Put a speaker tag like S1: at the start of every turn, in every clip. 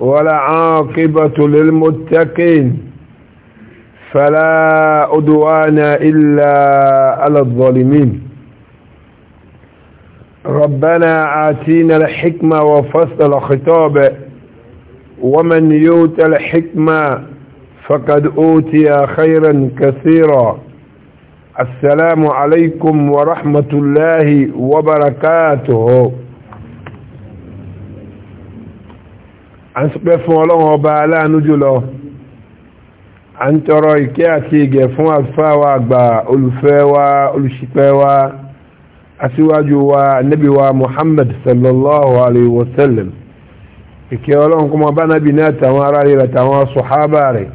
S1: ولا عاقبة للمتقين فلا أدوان إلا على الظالمين ربنا آتينا الحكمة وفصل الخطاب ومن يوت الحكمة فقد أوتي خيرا كثيرا السلام عليكم ورحمة الله وبركاته a ń sọpẹ́ fún ọlọ́run ọba aláàánú jùlọ a ń tọrọ ìkẹ́ àti ìgẹ̀ fún àlùfáà wa àgbà olùfẹ́ wa olùṣìpẹ̀ wa aṣíwájú wa nábì wa muhammad sallallahu alayhi wa sallam ìkẹ́ ọlọ́run kọ́mọ bá nábì náà tàwọn ará rẹ̀ tàwọn sọ̀hábà rẹ̀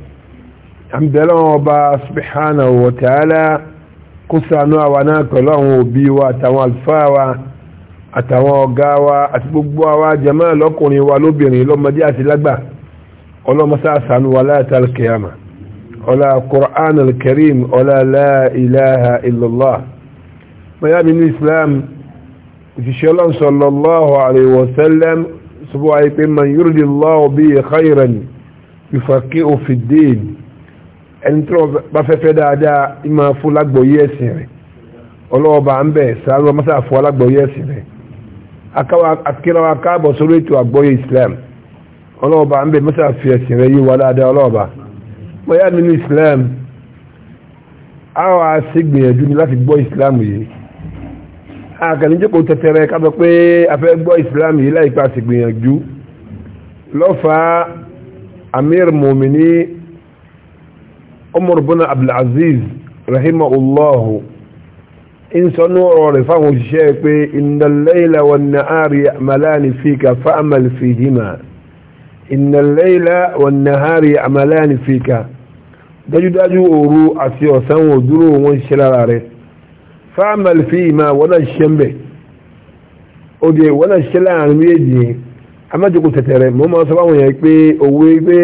S1: a ń bẹ̀rẹ̀ wọn ọba subhanahu wa ta'ala kó ṣàánú àwa náà pẹ̀lú àwọn òbí wa àtàwọn àlùfáà wa àtàwọn ọ̀gá wa àti gbogbo àwa jẹ̀mọ́ lọ́kùnrin wa lóbìnrin lọ́mọdé àti lágbà ọlọ́mọsá àsánú wa láyàtà alkiyama ọlá Qur'an alkarim ọlá la ilaha illallah mayami ní islam òṣìṣẹ́ ọlọ́n sallallahu alayhi wa sallam sọ́bọ̀ àìpé man yurdi Allahu bihi khayran yufaqihu fid din ẹni tí wọ́n bá fẹ́fẹ́ dáadáa ìmọ̀ fún ń bẹ̀ sáré ọmọ sáà rẹ̀ akírawa káàbọ̀ sórí ètò àgbọ́yé islam ọlọ́ọ̀bá ń bẹ mọ́sá fi ẹ̀sìn rẹ̀ yí wa dáadáa ọlọ́ọ̀bá bóyá nínú islam a wà sí gbìyànjú ni láti gbọ́ islam yìí àkànníjókòó tẹ̀tẹ̀rẹ̀ kábọ̀ pé a fẹ́ gbọ́ islam yìí láìpẹ́ àti gbìyànjú lọ́fàá amir mumini umar bin abdulaziz rahimahullahu ń sọ ní ọ̀rọ̀ rẹ̀ fáwọn òṣìṣẹ́ pé ìnàlẹ́ìlà wọn na àárí àmàláni fi ka fa'amal fi hima ìnàlẹ́ìlà wọn na àárí àmàláni fi ka dájúdájú òru àti ọ̀sán wọn dúró wọn ṣe lára rẹ̀ fa'amal fi hima wọn náà ṣe ń bẹ̀ wọn náà ṣe láàrin méjì amájòkó tẹ̀tẹ̀rẹ̀ mọ́ máa sọ fáwọn yẹn pé òwe pé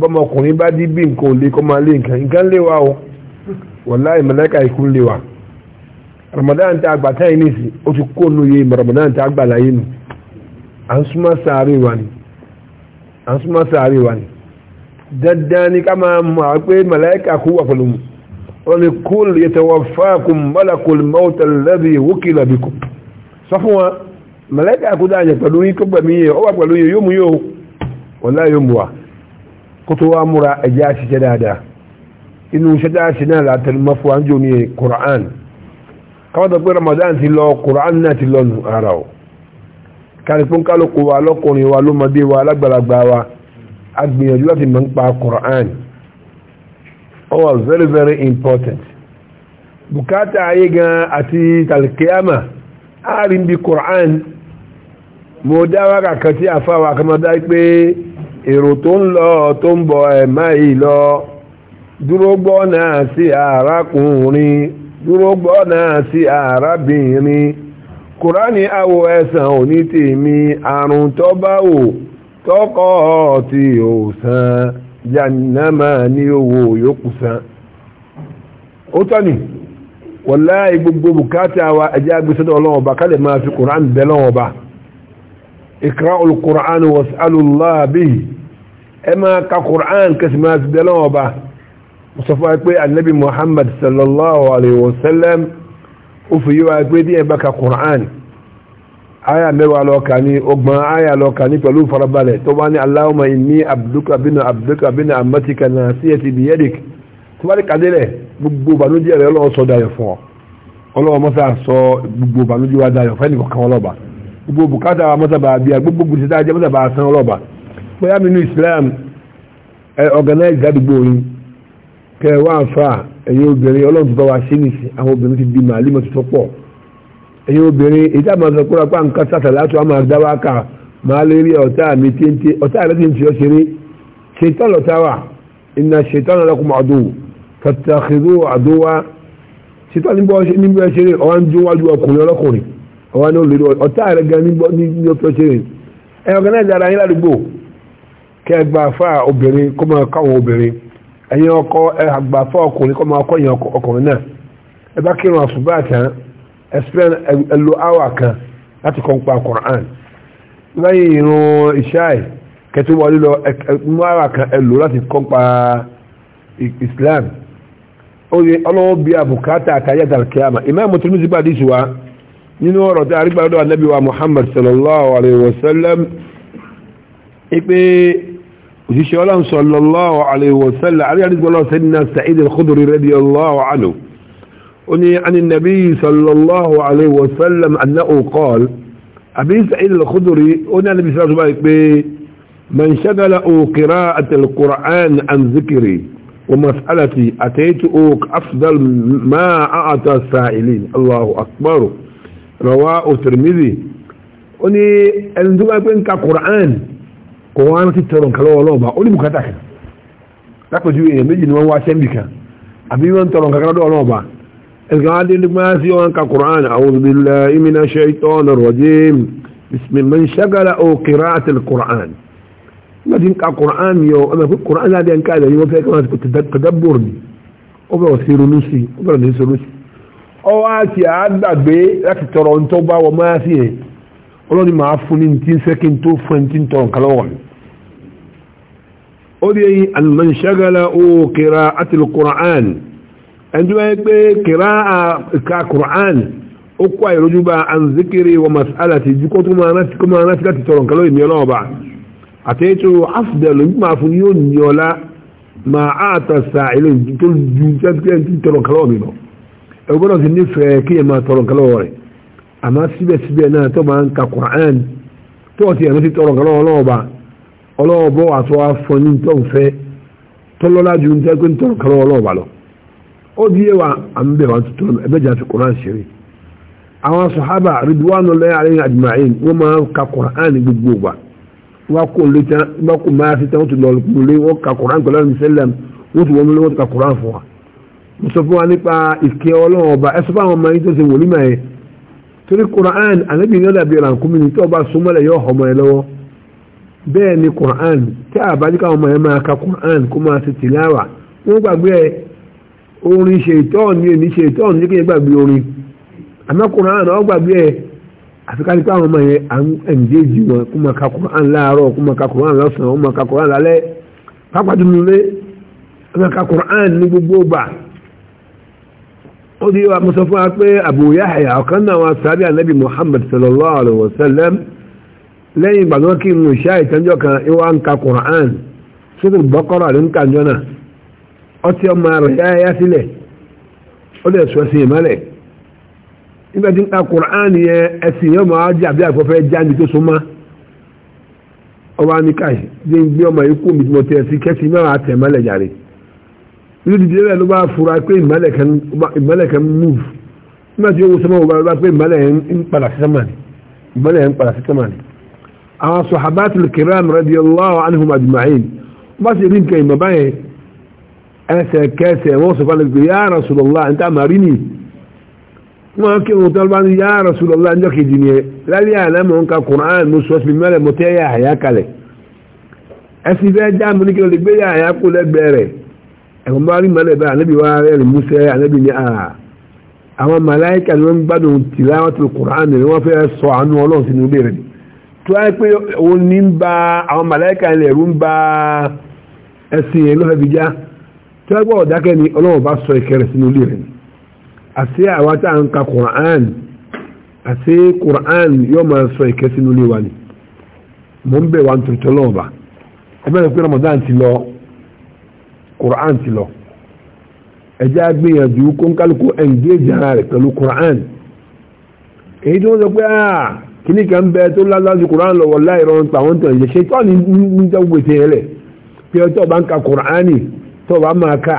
S1: bọ́mọkùnrin bá dí bí nǹkan ò lè kọ́ máa lé nǹkan nǹkan lé wa o wọ̀láì màláíkà ikú lé wa ramadan tá a gbà táyì nìsí ó ti kó nu yé ramadan tá a gbà láyé nu à ń súnmọ́ sàárè wa ni à ń súnmọ́ sàárè wa ni dandan ni ká máa mọ àwọn pé màláìka kú wà pẹ̀lú mu wọ́n ní kul yatawaffakum malakul mawt alladhi wukila bikum sọ fún wa màláìka kú dáa yẹn pẹ̀lú yín kó gbẹ̀mí yẹn ó wà pẹ̀lú yẹn yóò mú yóò wọlá yóò mú wa kó tó múra ẹ̀jẹ̀ àṣìṣe dáadáa inú iṣẹ́ dáa ṣe náà látẹnumọ́ fún wa káwọ́dọ̀ pé Ramadan ti lọ Quran náà ti lọ́nu ara ọ̀ kàrífún kálùkù wa lọ́kùnrin wa lọ́mọdé wa alágbàlagbà wa a gbìyànjú láti mọ̀ ń pa Quran ó wà very very important Bukata ayé gan àti talkiyama a bí Quran mo dáwà kàkàn tí àfáwà kàmọ́dá pé èrò tó ń lọ tó ń bọ̀ ẹ̀ máa yìí lọ dúró gbọ́ náà sí arákùnrin duro gbọ́nà sí arábìnrin kùránì awo ẹ̀sàn òní tèmi àrùn tó bá wò tọ́kọ̀ tí ò san owó yòókù san ó tọ́ ni wàláì igbogbo bukata wa ẹjẹ́ agbésọ́dọ̀ ọlọ́wọ́ ma kálẹ̀ máa fi kùránì bẹ́ sọ fún wa pé anabi muhammad sallallahu alayhi wa sallam ó fi yí pé quran aya mẹ́wàá lọ́ọ̀ka ní ọgbọ̀n aya lọ́ọ̀ka ní pẹ̀lú farabalẹ̀ tó bá ní allahumma inni abduka bínú abduka bínú amatika nasiyati biyadik tó gbogbo ìbànújẹ́ rẹ̀ ọlọ́wọ́ masa gbogbo a kẹwàá àfa ẹ̀yin obìnrin ọlọ́run tó bá wa ṣe nìsí àwọn obìnrin ti di màálímọ̀ tó tó pọ̀ ẹ̀yin obìnrin èyí tá a máa sọ kóra pa nǹkan sàtàlátò a máa dáwà kà máa lè rí ọ̀tá mi téńté ọ̀tá rẹ̀ ti ń fi ọ́ ṣeré ṣètọ́ lọ́tà wà ìnà ṣètọ́ lọ́tà kò máa dùn kàtàkìrò àdówà ṣètọ́ níbo ẹ ṣeré ọ̀wá ń dún wájú ọkùnrin ọlọ́kùnrin ọ̀wá ní ẹ̀yin ọkọ ẹ àgbà fọ́ ọkùnrin kọ́ máa kọ́ ẹ̀yin ọkùnrin náà ẹ bá kírun àṣùbà tán ẹ spend ẹ kan láti kọ́ nípa Quran lẹ́yìn irun ìṣáì kẹtù wọlé lọ mú hour kan ẹ láti kọ́ nípa Islam oye ọlọ́wọ́ bíi àbùkátà àtàyà dàrkíyàmà ìmáàmù tó ní ti bàdí ìṣùwà nínú ọ̀rọ̀ tí àrígbà lọ́dọ̀ Muhammad sallallahu alayhi wa sallam ipe òjíṣẹ́ ọlọ́run sallallahu alaihi wa sallam aríyàdígbọ́lọ́ sayyidina Sa'id al-Khudri radiyallahu anhu ó ní an an-nabi sallallahu alaihi wa sallam annahu qala àbí Sa'id al-Khudri ó ní àníbi sọ́lọ́ tó báyìí pé man shaghalahu qira'atu al-Qur'an an dhikri wa mas'alati ataytuhu afdal ma a'ta as-sa'ilin Allahu akbar rawahu Tirmidhi ó ní ẹni tó báyìí pé ń ka Qur'an kò wọ́n á ti tọrọ nǹkan lọ́wọ́ ọlọ́ọ̀bà ó ní bùkátà kan lápẹ̀jú èèyàn méjì ni wọ́n wá sẹ́ńbì kan àbí wọ́n tọrọ nǹkan lọ́dọ̀ ọlọ́ọ̀bà ẹ̀sán adédégbá sí wọn ka quran a'udhu billahi minash shaitonir rajim bismillah shagala o qira'atil quran lọ́dún ka quran yọ ọmọ pé quran náà dé nǹkan ìdàgbé wọ́n fẹ́ kí wọ́n ti tadabbur ni ó bẹ̀rẹ̀ sí ronú sí ó bẹ̀rẹ̀ sí ronú sí ọ wá ti àgbàgbé láti tọrọ ntọ́ bá máa sí yẹn ọlọ́ni máa fún ní tí ń fẹ́ kí n tó fún ẹni tí ń tọrọ nǹkan lọ́wọ́ mi ó dé alìmọ̀nṣẹ́gàlá ó kìrá àtìlù kùrán ẹni tó wáyé pé kìrá àka kùrán ó kó àìrójú bá an zikiri wa masala ti jí kó tó máa rántí kó máa rántí láti tọrọ nǹkan lọ́wọ́ mi ọlọ́wọ́ bá àtẹ́tò afdẹ́lù ní máa fún yóò ní ọlá máa àtà sa ilé tó ju tẹ́tí tọrọ nǹkan lọ́wọ́ mi lọ ẹgbẹ́ náà ti nífẹ̀ẹ́ kí ẹ máa tọrọ nǹkan lọ́wọ́ rẹ̀ àmọ́ síbẹ̀síbẹ̀ náà tó máa ń ka Qur'an tó ọ̀tí ẹ̀mí ti tọrọ kan lọ́wọ́lọ́wọ́ba ọlọ́wọ́bọ́ àtọ́ afọ́ní tó ń fẹ́ tọ́lọ́lá ju níta pé ń tọrọ kan lọ́wọ́lọ́wọ́ba lọ. ó di yé wa àmì bẹ̀rẹ̀ wọn tuntun ẹgbẹ́ jà fi Qur'an ṣeré. àwọn sàhábà ridwanullahi alayhim ajma'in wọ́n máa ń ka Qur'an gbogbo wa wọ́n kò lè tán wọ́n kò máa fi tán wọ́n ti lọ lè torí quran anabi ní ọ̀dàbí ìrànkúmi ní tí ọba súnmọ́lẹ̀ yóò ọmọ ẹ lọ́wọ́ bẹ́ẹ̀ ni quran tí àbájíká ọmọ ẹ máa ka quran kó máa ṣe tìláwà wọ́n gbàgbé ẹ orin ṣe ìtọ́ọ̀n ní èní ṣe ìtọ́ọ̀n ní kéye gbàgbé orin àmọ́ quran ọ gbàgbé ẹ àfikájú káwọn ọmọ yẹn à ń ẹ̀ǹdéjì wọn kó máa ka quran láàárọ̀ kó máa ka quran lọ́sàn-án kó máa ka quran lálẹ́ pápá ó di wa mọ́sọ fún wa pé Abu Yahya ọ̀kan náà wọn sàbí ànábì Muhammad sallallahu alaihi wasallam lẹ́yìn ìgbà náà kí n lò ṣáà ìtẹ́jọ́ kan ìwà ń ka Qur'an sókè bọ́kọ́rọ̀ àdó ń ka jọ náà ọtí ọmọ rẹ̀ yáyá sílẹ̀ ó lè sọ sí ìmọ́lẹ̀ nígbà tí ń ka Qur'an yẹn ẹ̀sìn yẹn máa jẹ́ àbí àfọ́fẹ́ jáde tó súnmọ́ ọba ní káyì dé ń gbé ọmọ ikú mi tí mo tẹ̀ sí kẹ́sì mẹ́wàá tẹ̀ mọ́lẹ̀ jàre inú dídí rẹ̀ ló bá fura pé ìmọ́lẹ̀ kan move nígbà tí ó wo sọ́mọ́ ọba rẹ̀ pé ìmọ́lẹ̀ ń padà sí sọ́mọ́ ni ìmọ́lẹ̀ ń padà sí sọ́mọ́ ni àwọn sahabatul kiram radiyallahu anhum ajma'in wọ́n bá sì rí nǹkan ìmọ̀ báyẹn ẹsẹ̀ kẹsẹ̀ wọ́n sọ fún mi ya Rasulullah níta màrí ni wọ́n kí wọn tọ́lú bá ní ya Rasulullah níjọ́ kejì ẹ̀wọ̀n bá rí mọ́lẹ̀ báyìí anábì wá rẹ̀rìn músẹ́ anábì ní à àwọn màláìkà ni wọ́n ń gbádùn tìlá wọn ti kùrán ni wọ́n fẹ́ sọ àánú ọlọ́run sínú ilé rẹ̀ tó wáyé pé òun ní ń ba àwọn màláìkà ilẹ̀ ẹ̀rú ń ba ẹ̀sìn yẹn lọ́fẹ̀ẹ́ fi já tó wáyé pé ọ̀dákẹ́ ni ọlọ́run bá sọ ìkẹrẹ sínú ilé rẹ̀ àti quran ti lọ ẹjẹ́ agbìyànjú kónkálukú engage ara rẹ̀ pẹ̀lú quran èyí tí wọ́n sọ pé ah kìíní kan bẹ tó lálásù quran lọ wọlá ìrọrùn tàwọn tó ìṣe ṣètò ní níjà gbèsè yẹn lẹ̀ pé ọjọ́ bá ń ka quran tó bá máa ka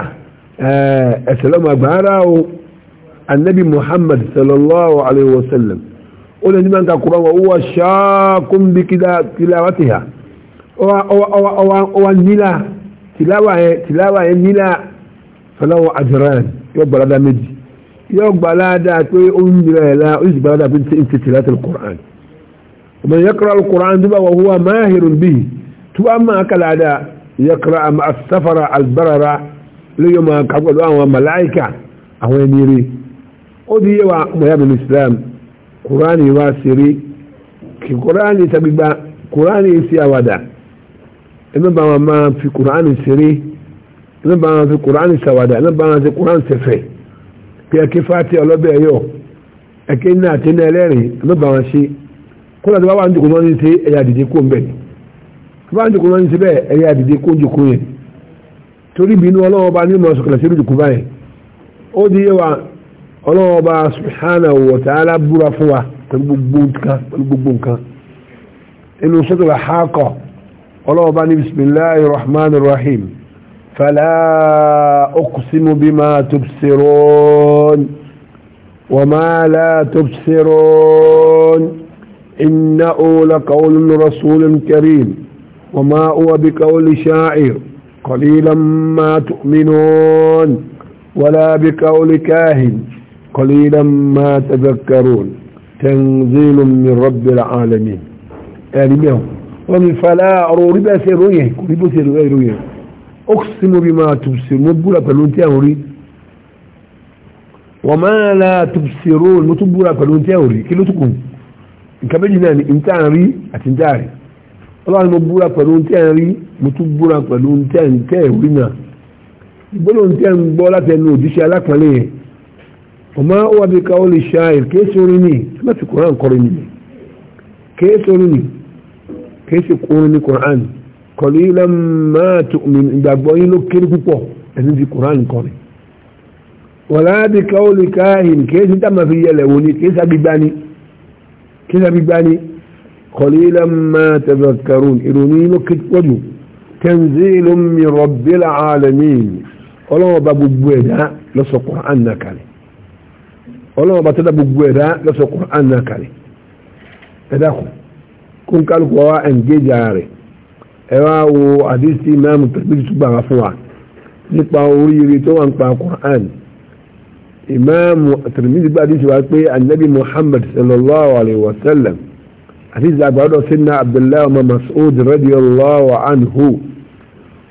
S1: eh, ẹ̀sẹ̀ lọ́mọ àgbára o anabi muhammad sallallahu alayhi wa sallam ó lè ní ka quran wa ó wà ṣáà kó ń bí kíláwàtì ha ó wà nílà tìláwà yẹn tìláwà yẹn nílà fọláwọ àjọrán yóò gbalada méjì yóò gbalada pé ó ń yìnbọn yẹn la ó sì gbalada pé ń ti tìlá tẹ̀lé kùrán ọmọ yẹkọrọ alukùrán tó bá wà hùwà máhìrún bíi tó bá máa kàlàdà yẹkọrọ àmà àsáfàrà àlùbárara lóyè máa kàgbọ́dọ̀ àwọn màláìkà àwọn ẹni rí ó di yẹ wa ọmọ yàrá Islam kùrán yìí wá sí rí kì kùrán yìí tàbí gba kùrán yìí sí ẹmẹ bá wọn máa fi kuraani ṣeré ẹmẹ bá wọn fi kuraani ṣàwàdà ẹmẹ bá wọn fi kuraani ṣẹ̀fẹ̀ pé ẹkẹ fati ọlọbẹ ẹyọ ẹkẹ ní àti ní ẹlẹrìn ẹmẹ bá wọn ṣe kódà tó bá wà ní jòkó náà ní ṣe ẹyà àdìdì kó mbẹ tó bá wà ní jòkó náà ní ṣe bẹ́ẹ̀ ẹyà àdìdì kó jòkó yẹn torí bínú ọlọ́wọ́ bá ní ìmọ̀ di yẹwà ọlọ́wọ́ bá subhanahu wa ta'ala búra fún wa pẹ̀lú gbogbo nǹkan inú sọ́tò rẹ̀ قالوا باني بسم الله الرحمن الرحيم فلا أقسم بما تبصرون وما لا تبصرون إنه لقول رسول كريم وما هو بقول شاعر قليلا ما تؤمنون ولا بقول كاهن قليلا ما تذكرون تنزيل من رب العالمين wọ́n ni fàlà ọ̀rọ̀ orí bẹ́ẹ̀ ṣe ròyìn kò rí bó ṣe ròyìn ròyìn ó sì mú bí máa tùbùsì mú búra pẹ̀lú tí àwọn rí wọ́n máa la tùbùsì ròyìn mú tún búra pẹ̀lú tí àwọn rí kí ló tún kù nǹkan méjì náà ni ìta àrí àti ìta àrí ọlọ́run mo búra pẹ̀lú tí àwọn rí mo tún búra pẹ̀lú tí àwọn tẹ́ ìwé náà ìgbóhùn tí àwọn gbọ́ láti ẹnu òjíṣẹ́ alápọ̀nlé yẹn ọmọ wàbíkà kìí ṣe kúrò ní Qur'an kọlu ilẹ̀ máa tó ìgbàgbọ́ yín ló kéré púpọ̀ ẹni ti Qur'an kọ́ ni. wọ̀lá bí káwọlì káhìn kìí ṣe dáàmà fi yẹlẹ̀ wò ni kìí ṣàgbígbani kìí ṣàgbígbani kọlu ilẹ̀ máa tadhakkarun ìròyìn ló kéré púpọ̀ jù tanzilun min rabbil alamin ọlọ́wọ́ bá gbogbo ẹ̀dá lọ́sọ̀ Qur'an náà kalẹ̀ ọlọ́wọ́ bá tẹ́lá gbogbo ẹ̀dá lọ́sọ̀ Qur'an náà kalẹ̀ ẹ̀dá kù kó ń kálukú wa engage ara rẹ̀ ẹ wá wo àdísí mẹ́rin tẹ̀lé ìtúgbà wá fún wa nípa oríire tó wà ń pa Qur'an ìmáàmù Tirmidhi gbàdí ti wá pé anabi Muhammad sallallahu alayhi wa sallam àti ìzàgbàdo sinna Abdullahi ọmọ Mas'ud radiyallahu anhu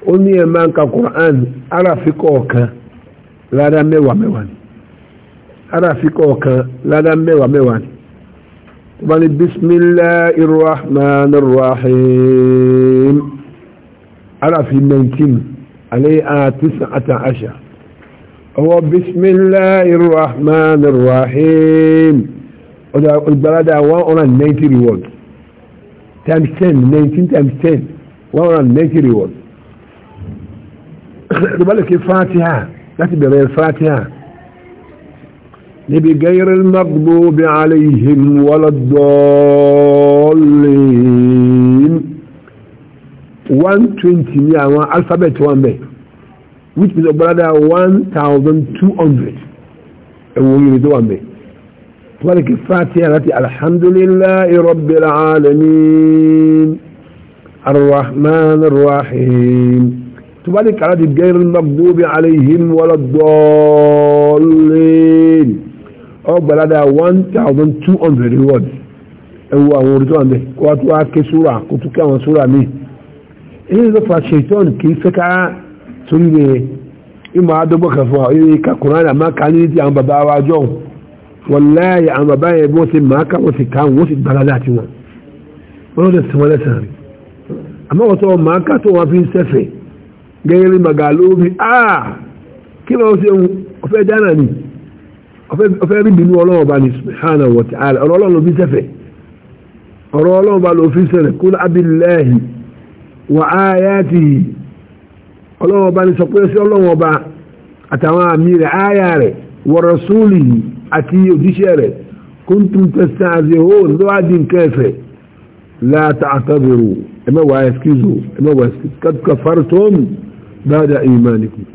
S1: ó ní ẹ̀ máa ń ka Qur'an aráfikọ̀ kan mẹ́wàá mẹ́wàá ni aráfikọ̀ kan mẹ́wàá mẹ́wàá ni bani bisimilahi rahman rahim arafi 19 alẹ́ àtúnṣe àtàṣà ọwọ́ bisimilahi rahman rahim ìgbàládà 190 rewards times 10 19 times 10 190 rewards ìbálòkè fatiha láti bẹ̀rẹ̀ fatiha níbi gẹ́rẹ́ magbobi alayhim wọ́lọ́dọ́ọ̀lẹ́yìn 120 ní àwọn alphabet wọn bẹ̀ which means ọgbọ́ládá 1200 ẹ̀wọ̀n yìí tó wọn bẹ̀ tó wà ní kí fatiha láti alhamdulillahi rabbil alamin arrahman arrahim tó wà ní kàrà ti gẹ́rẹ́ magbobi alayhim ọgbàládà one thousand two hundred reward. ẹwu àwọn orí tó wà ń bẹ kó wá tó wá ké súra kó tó ké àwọn súra míì èyí ló fa ṣètọ́n kì í fẹ́ ká torí rẹ̀ ìmọ̀ àdọ́gbọ́ kan fún wa ìrè ká kùnrin àmà ká ní ti àwọn bàbá wa jọ wọláyé àwọn bàbá yẹn bí wọ́n ti máa ká wọ́n ti ká wọ́n sì gbàládà àti wọn wọ́n lè sìn wọ́n lẹ́sàn rí àmọ́ wọ́n tó máa ká tó wọn fi ń sẹ́fẹ̀ẹ́ gẹ́gẹ́ bí màgàlóbi ah kí ló ń ṣe òfẹ́ dáná ni ọfẹ́ rí bínú ọlọ́run ọba ní subhanahu wa ta'ala ọ̀rọ̀ ọlọ́run ló fi sẹ́fẹ̀ ọ̀rọ̀ ọlọ́run ọba ló fi sẹ́rẹ̀ kul abillahi wa ayatihi ọlọ́run ọba ní sọpẹ́ sí ọlọ́run ọba àtàwọn àmì rẹ̀ áyà rẹ̀ wa àti òjíṣẹ́ rẹ̀ kuntum tastahzi'un lọ́wádìí nǹkan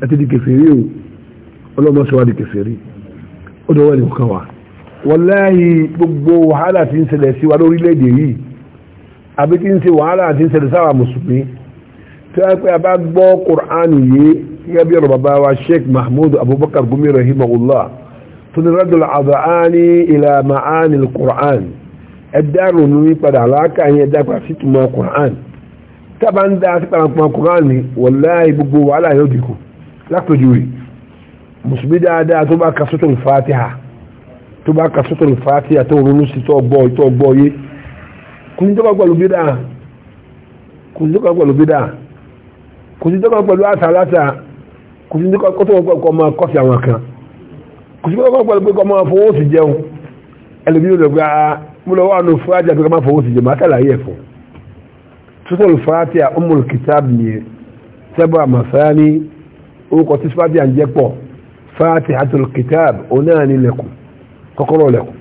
S1: àti di kẹfẹ́rí o ó dọ̀wọ́ ẹnì kan wà wọláyé gbogbo wàhálà tí ń ṣẹlẹ̀ sí wa lórílẹ̀-èdè yìí àbí tí ń ṣe wàhálà tí ń ṣẹlẹ̀ sáwà mùsùlùmí tí wọ́n pẹ́ abá gbọ́ kùránù yìí gẹ́gẹ́ bí ọ̀rọ̀ bàbá wa sheikh mahmoud abubakar gumi rahimahullah tó ní rádùn àdáhání ilà ma'ánil kùrán ẹ̀dá ronú padà aláàkà yẹn ẹ̀dá pa sí tùmọ̀ kùrán tábà ń dá sí pàrọ̀pọ̀ kùrán wọláyé gbogbo wàhálà yóò dìkù lápèjúwe mùsùlùmí dáadáa tó bá ka sọ́tò ìfàtíhà tó bá ka sọ́tò ìfàtíhà tó ronú sí tó gbọ́ tó gbọ́ yé kùn tó bá gbọ́ lóbi dáa kùn tó bá gbọ́ lóbi dáa kùn tó bá gbọ́ lóbi àṣà aláṣà kùn tó bá gbọ́ kọ́ máa kọ́sì àwọn kan kùn tó bá gbọ́ lóbi kọ́ máa fowó sí jẹun ẹlòmí ló lọ́gbà mo lọ wà nù fúrájà pé kọ́ máa fowó sí jẹun máa tàlàyé ẹ̀fọ́ sọ́tò ìfàtíhà Ummul Kitab ni sẹ́bà màsáni orúkọ tí fúrájà ń jẹ́ pọ̀ فاتحة الكتاب أناني لكم تقرأ لكم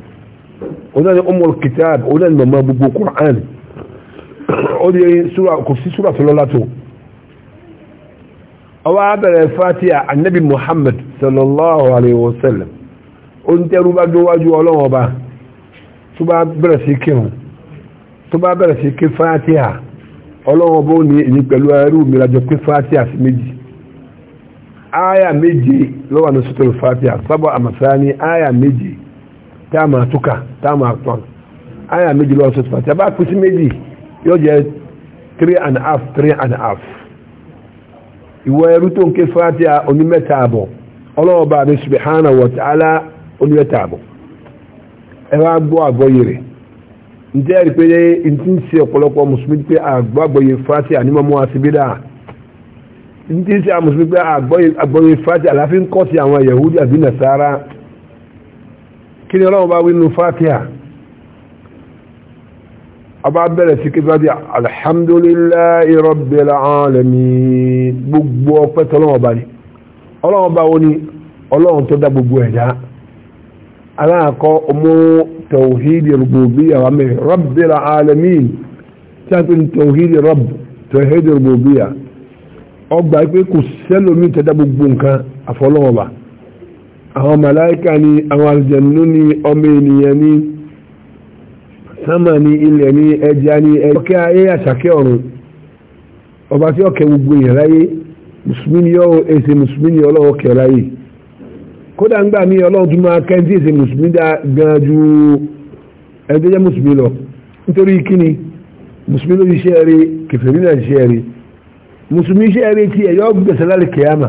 S1: أناني أم الكتاب أناني ما ببو قرآن أولي سورة كفسي سورة فلولاته أو عبر الفاتحة النبي محمد صلى الله عليه وسلم أنت ربا جواجو الله وبا تبا برسي كيهم برسيك فاتحة كفاتحة الله وبوني إني قالوا أروا ملاجو كفاتحة سمجي aya méje ló wà ní sùtòlù fatiha sábà àmàsáni aya méje tá a máa túkà tá a tán aya méje ló wà ní bá kú sí méjì yóò jẹ three and half nke and half ìwọ ẹrú tó ń ké fatiha onímẹ́ta àbọ̀ ọlọ́ọ̀bá mi subhana wa onímẹ́ta àbọ̀ ẹ wá gbọ́ rí ndị isi àwọn mùsùlùmí pé àgbọ́yé fati àláfíà ń kọ́ sí yahudi àbí nasara kí ni ọlọ́run bá wí nínú fatiha ọba bẹ̀rẹ̀ sí kí alhamdulillahi rabbil alamin gbogbo ọpẹ́ tọ́lọ́wọ́ bá ní bá wọ́n tó dá gbogbo ẹ̀dá aláàkọ́ ọmọ tawhidi rububiyya wà mẹ́rin rabbil alamin tí a pè ní ọgbà pé kò sẹ́lómi tẹ́dá gbogbo nǹkan àfọlọ́wọ́ba àwọn màláìka ni àwọn àlùjànnú ni ọmọ ènìyàn ni sánmà ni ilẹ̀ ni ẹja ni ẹjọ́kẹ́ ayé àṣàkẹ́ ọ̀run ọba tí ọkẹ́ gbogbo èèyàn láyé mùsùlùmí ni mùsùlùmí ni ọlọ́wọ́ kẹ́ láyé kódà mí ọlọ́run máa kẹ́ ń tí lọ nítorí kíni mùsùlùmí ló ṣiṣẹ́ rí náà ṣiṣẹ́ musulmi ṣe ẹrẹ tí ẹ̀yọ́ gbẹ̀sẹ̀ lálẹ́ kìyàmà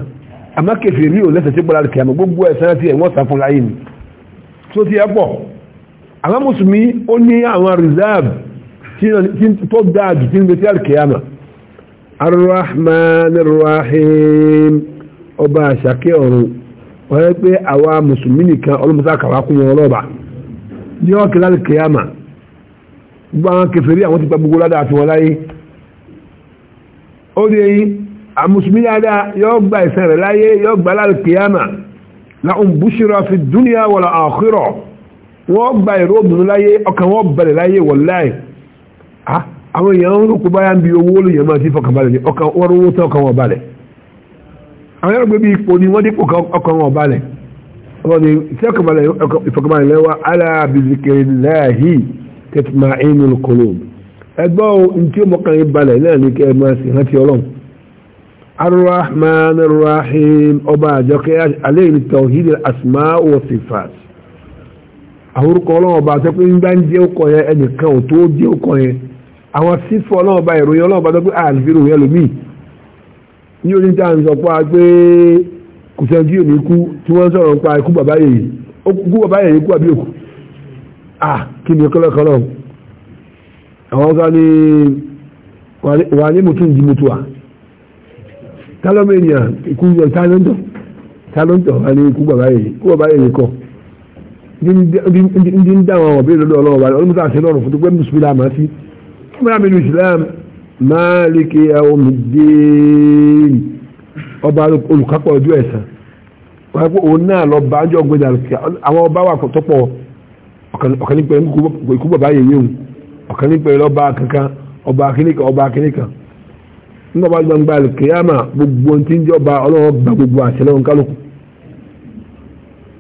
S1: àmá kẹfì rí ò lẹ́sẹ̀ tí gbọ́lá kìyàmà gbogbo ẹ̀sán tí ẹ̀wọ́n sá fún láyé ni tó ti ẹ́ pọ̀ àmá musulmi ó ní àwọn reserve tó dáa jù tí ń gbẹ̀sẹ̀ lálẹ́ kìyàmà arrahman arrahim ọba àṣàkẹ́ ọ̀run wọ́n yẹ pé àwa musulmi nìkan ọlọ́mọsá kàwá kún wọn lọ́ba ní ọkẹ́ lálẹ́ kìyàmà gbogbo àwọn kẹfì rí àwọn ti gbà gbogbo ládàá àti wọn láyé ó rí eyín àmùsùmí dáadáa yóò gba ìsẹ̀ rẹ̀ láyé yóò gba lálùkìyàmà láhùn búṣírà fi dúníà wọ̀lá àkírọ̀ wọ́n gba ìró obìnrin láyé ọkàn wọ́n bẹ̀rẹ̀ láyé wọ̀láì ah, àwọn èèyàn ń rúkú báyá ń bi owó olóyè máa ti fọkàn balẹ̀ ní ọkàn wọ́n rówó tán ọkàn wọn balẹ̀ àwọn yàrá gbé bí ẹgbọ́ ntí mọ́kànlẹ̀ balẹ̀ náà ní kẹ́ máa sì rántí ọlọ́run arrahman arrahim ọba àjọkẹ́ àwòrúkọ ọlọ́run ọba àti ń bá ń jẹ́ ọkọ̀ yẹn ẹnìkan ò tó jẹ́ àwọn sífọ́ ọlọ́run ọba ìròyìn ọlọ́run ọba tó pé yẹn lómi ní oní tá ń sọ pé a pé kò sẹ́ni ní ikú tí wọ́n sọ̀rọ̀ ikú bàbá bàbá àwọn ọ̀gá ni wà ní mutum jí mutuwa talomania ikú yọ talonto talonto wà ní ikú bàbá yìí ikú bàbá yìí kọ dáwọn ọ̀bẹ lọ́dọ̀ ọlọ́wọ́ bá ọdún lọ́rùn fún tó gbé mùsùlùmí àmà sí ọmọdé mi lu islam máàlìkì ọba olùkápọ̀ ojú ẹ̀sán wọ́n náà lọ bá gbé dàrú àwọn ọba wà tọ́pọ̀ ikú ọ̀kan ní pẹ̀lú ọba kankan ọba akínìkan ọba akínìkan nígbà bá gbangba kìyàmà gbogbo tí ń jọba ọlọ́wọ́ gba gbogbo àṣẹ lọ́wọ́ kálukú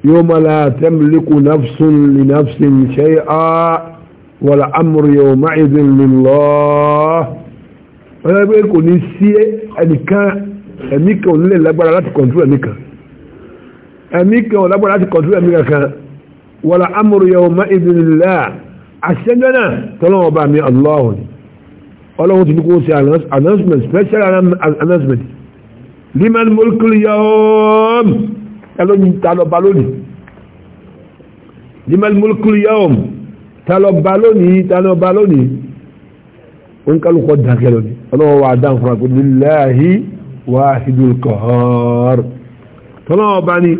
S1: yóò máa la tẹ́mìlíkù nafsun lè nafsin ṣe á wàlà amúrú yóò má ìdín lọ. ọlọ́wọ́ pé kò ní sí ẹnìkan ẹ̀mí kan ò nílẹ̀ lágbára láti kọ̀ntúrò ẹ̀mí kan ẹ̀mí kan ò lágbára láti kọ̀ntúrò ẹ̀mí kankan wàlà amúrú yóò má ìdín lọ́ọ̀ àṣẹ́jọ́ náà tọ́lọ́wọ́ bá mi Allahu ni ọlọ́run ti ní kó ṣe announcement special announcement liman mulkul yawm ẹlọ́yìn talọba lónìí liman mulkul yawm talọba lónìí talọba lónìí ó ń kálukọ́ dákẹ́ lónìí ọlọ́run wà dáhùn fún akọ́ lillahi wahidul qahar tọ́lọ́wọ́ bá ní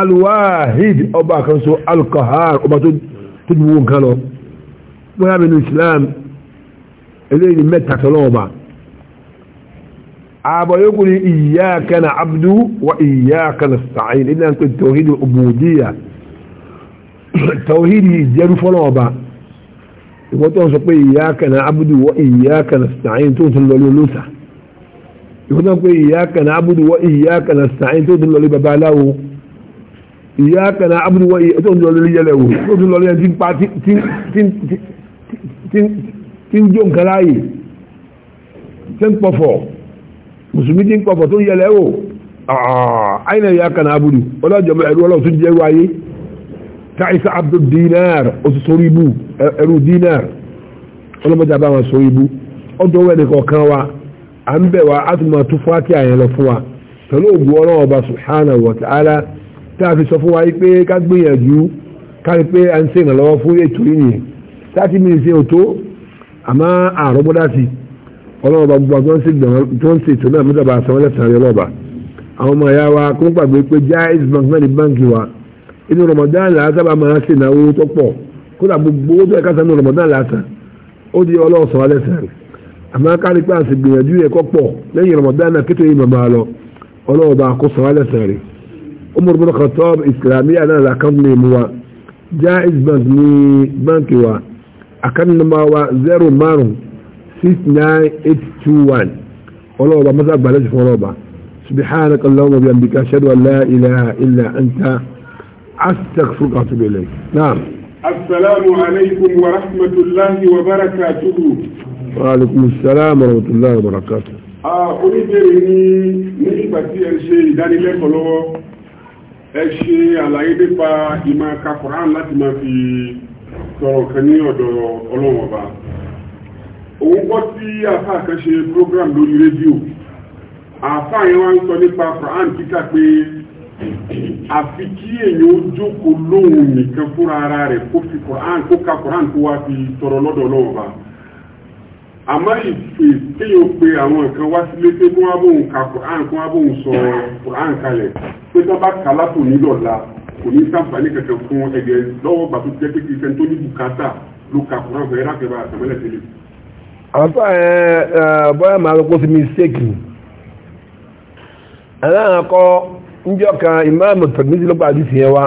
S1: alwahid ọba kan so alqahar ọba tó dúró nǹkan lọ bóyá mi ní islam eléyìí ni mẹ́ta tọ́lọ́wọ́ bá ààbọ̀ yóò kúrò iyyaka na'budu wa iyyaka nasta'in ilé ń pè tawhid ubudiyya tawhid ìjẹ́rú fọ́lọ́wọ́ bá ìwọ́n tó ń sọ pé iyyaka na'budu wa iyyaka nasta'in tó ń tún lọ lóòlóòsà ìwọ́n tó ń pè iyyaka na'budu wa iyyaka nasta'in tó ń tún lọ lé babaláwo iyyaka na'budu wa iyyaka tó ń tó ń tún lọ lé tí ń jó nǹkan láàyè tí ń pọ̀fọ̀ mùsùlùmí tí ń pọ̀fọ̀ tó yẹlẹ̀ o àìnà ìyá kan abudu ọlọ́jọ́ ẹ̀rú ọlọ́run ayé káìsà abdul dinar oṣù sórí ẹ̀rú dinar ọlọ́mọdé ọdún ẹnì kọ̀ọ̀kan wa à ń bẹ̀ wá átùmọ̀ tó fún àyàn lọ fún wa pẹ̀lú ọba subhanahu wa ta'ala tá a fi sọ fún wa yìí pé ká gbìyànjú ká rí pé thirty minutes yẹn o tó àmọ́ àrọ́gbọ́dá sí ọlọ́run ọba gbogbo àgbọn sí tó ń ṣètò náà mẹ́ta bá sanwó lẹ́sàn lọ́ba àwọn ọmọ ẹ̀yà wa kó gbàgbé pé Jaiz bank náà ní báǹkì wa inú Ramadan làásà bá máa ṣe ìnáwó tó pọ̀ kódà gbogbo owó tó ẹ̀ka sanwó Ramadan ó di sanwó àmọ́ kárí pé gbìyànjú ẹ̀kọ́ pọ̀ lẹ́yìn Ramadan náà akan namawa 0569821 ọlọ́ọ̀bá mọ́sá gbàlẹ́ sí fún ọlọ́ọ̀bá subhanaka allahumma bihamdika ashhadu an la ilaha illa anta astaghfiruka wa atubu ilayk naam
S2: assalamu alaykum wa rahmatullahi wa barakatuh
S1: wa alaykum assalam wa rahmatullahi wa barakatuh
S2: ah oníbèrè ní nígbà tí ẹ ṣe ìdánilẹ́kọ̀ọ́ lọ́wọ́ ẹ ṣe fi sọ̀rọ̀ kan ní ọ̀dọ̀ ọlọ́run ọba òun gbọ́ tí àfáà program lórí rédíò àfáà yẹn wá ń sọ nípa Quran kíkà pé àfi kí èèyàn ó jókòó lóhùn nìkan fúnra ara rẹ kó fi kó tọrọ àwọn nǹkan wá sílé pé kó wá ka kó wá bóun sọ pé tó bá la. kò ní sàǹfààní kankan fún ẹgbẹ́ lọ́wọ́ bàtú jẹ́ pé kìí sẹ́ni tó ní bùkátà ló ka kúrò àwọn ẹ̀rọ àgbẹ̀bà àtàmẹ́lẹ̀ tẹ́lẹ̀.
S1: àfa ẹ ẹ bọ́yá màá lọ kó sí mistake aláàkọ njọ kan ìmáàmù tẹ̀gbẹ́sì ló gbàdí tiẹ̀ wa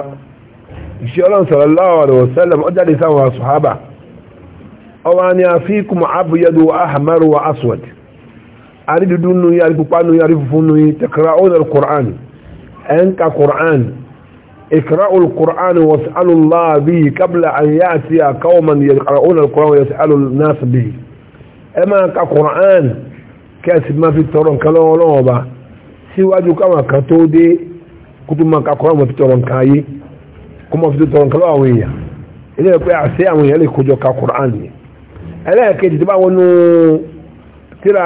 S1: ìṣe ọlọ́run sallallahu alaihi wasallam ó jáde sáwọn sàhábà ọwọ́ ni a fi kùmọ̀ abyadu wa ahmaru wa aswad ari dudu nu yi ari pupa nu yi ari funfun nu yi tẹkara ọ̀nà Qur'an ẹ̀ ń ka Qur'an اقرأوا القرآن واسألوا الله به قبل أن يأتي قوما يقرؤون القرآن ويسألوا الناس به أما كقرآن كاسب ما في التورن كلام لوبا síwájú káwọn kan tó dé kútù máa ka kọ́ra wọn fi tọrọ nǹkan ayé kó máa fi tọrọ nǹkan lọ́wọ́ àwọn èèyàn ilé ẹ̀ pé àṣẹ àwọn èèyàn lè kójọ ka Qur'an ni ẹlẹ́ẹ̀kejì tó bá wọnú tíra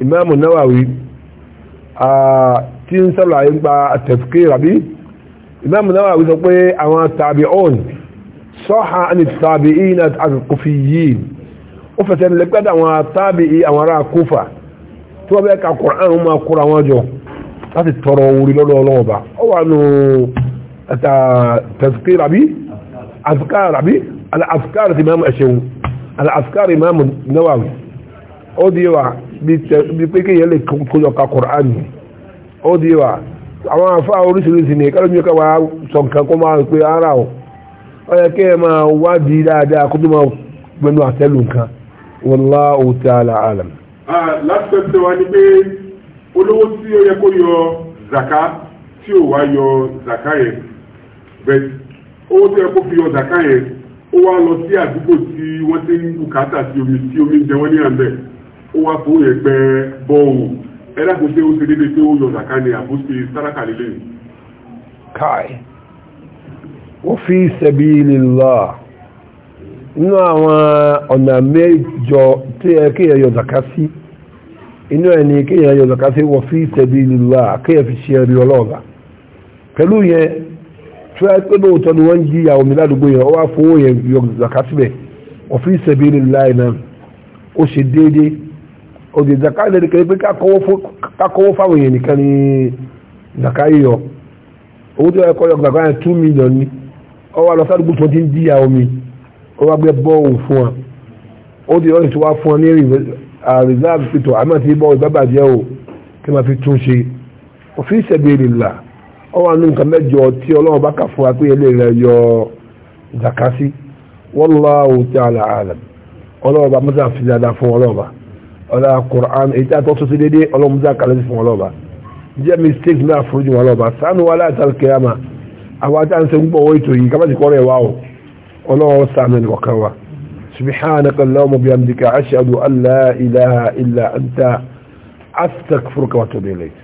S1: Imam Nawawi tí ń sọ̀rọ̀ àyè ń tafkir àbí imam nawawi sọ pé àwọn tabi'un sọ́ha àni tabi'in àti kufiyin ó fẹsẹ̀ ní lẹ́gbẹ́dẹ́ àwọn tabi'i àwọn ará kúfà tí wọ́n bẹ́ẹ̀ ka Qur'an máa kóra wọn jọ láti tọrọ orí lọ́dọ̀ ọlọ́wọ́ bá ó wà nù tazkir àbí azkar àbí al-azkar ti imam àwọn afá oríṣiríṣi ní kálómi ká wá sọ nǹkan kó máa pé ara ọ̀ ọ yẹ kí ẹ máa wádìí dáadáa kó tó máa gbẹnu àtẹ́lù nǹkan wallahu ta'ala alam.
S2: láti tẹ̀sí wa ni pé olówó tí ó yẹ kó yọ zaka tí ò wá yọ zaka yẹn bẹ́ẹ̀ owó tí ó yẹ kó fi yọ zaka yẹn ó wá lọ sí àdúgbò tí wọ́n ti ń bùkátà sí omi tí omi jẹ wọ́n ní àmbẹ̀ ó wá fún yẹn pẹ́ bọ́ọ̀lù ẹ̀dá kò ṣe ó ṣe dédé pé ó yọ zaka ni àbó ṣe sáràkà lílé
S1: káì ó fi sabilillah inú àwọn ọ̀nà mẹ́jọ tí ẹ kí ẹ yọ zaka sí inú ẹ̀ ni kí ẹ yọ zaka sí wọ́n fi sabilillah kí ẹ fi ṣe ẹ̀rí ọlọ́ọ̀gá pẹ̀lú yẹn tí wọ́n pẹ́ lóòótọ́ ni wọ́n jí àwọn mi ládùúgbò yẹn ó wá fowó yẹn yọ zaka síbẹ̀ wọ́n fi sabilillah náà ó ṣe déédéé oge zaka lè kéré pé kákọ́wọ́ fáwọn èèyàn ni zaka yíyọ owó tí wọ́n kọ́ yọ gbàgbá yẹn two million ni lọ sádùgbò tó ti ń díyà omi ọwọ́ gbé bọ́ọ̀lù fún wa ó di ọ̀sẹ̀ tí wọ́n fún ọ ní reserve bọ́ọ̀lù o kí fi tún ṣe òfin sabilillah ọwọ́ àánú nǹkan mẹ́jọ tí ọlọ́run bá kà fún wa pé ẹlẹ́rìí yọ zaka sí ọlọ́run bá mọ́tà fi dáadáa fún ọlọ́run ọ̀la Qur'an èyí tí a tọ́ sọ́sí dédé ọlọ́mùsá kàlẹ́sì fún ọlọ́ba jẹ́ mistake náà fún ìjùmọ̀ ọlọ́ba sanu wa láti alkiyama àwọn àti àǹsẹ̀ ń gbọ̀wọ́ ètò yìí kábàtì kọ́rẹ̀ wa o ọlọ́wọ́ sanu ẹni kọ̀kan wa subhanaka allahumma bihamdika ashhadu an la ilaha illa anta astaghfiruka wa atubu ilayk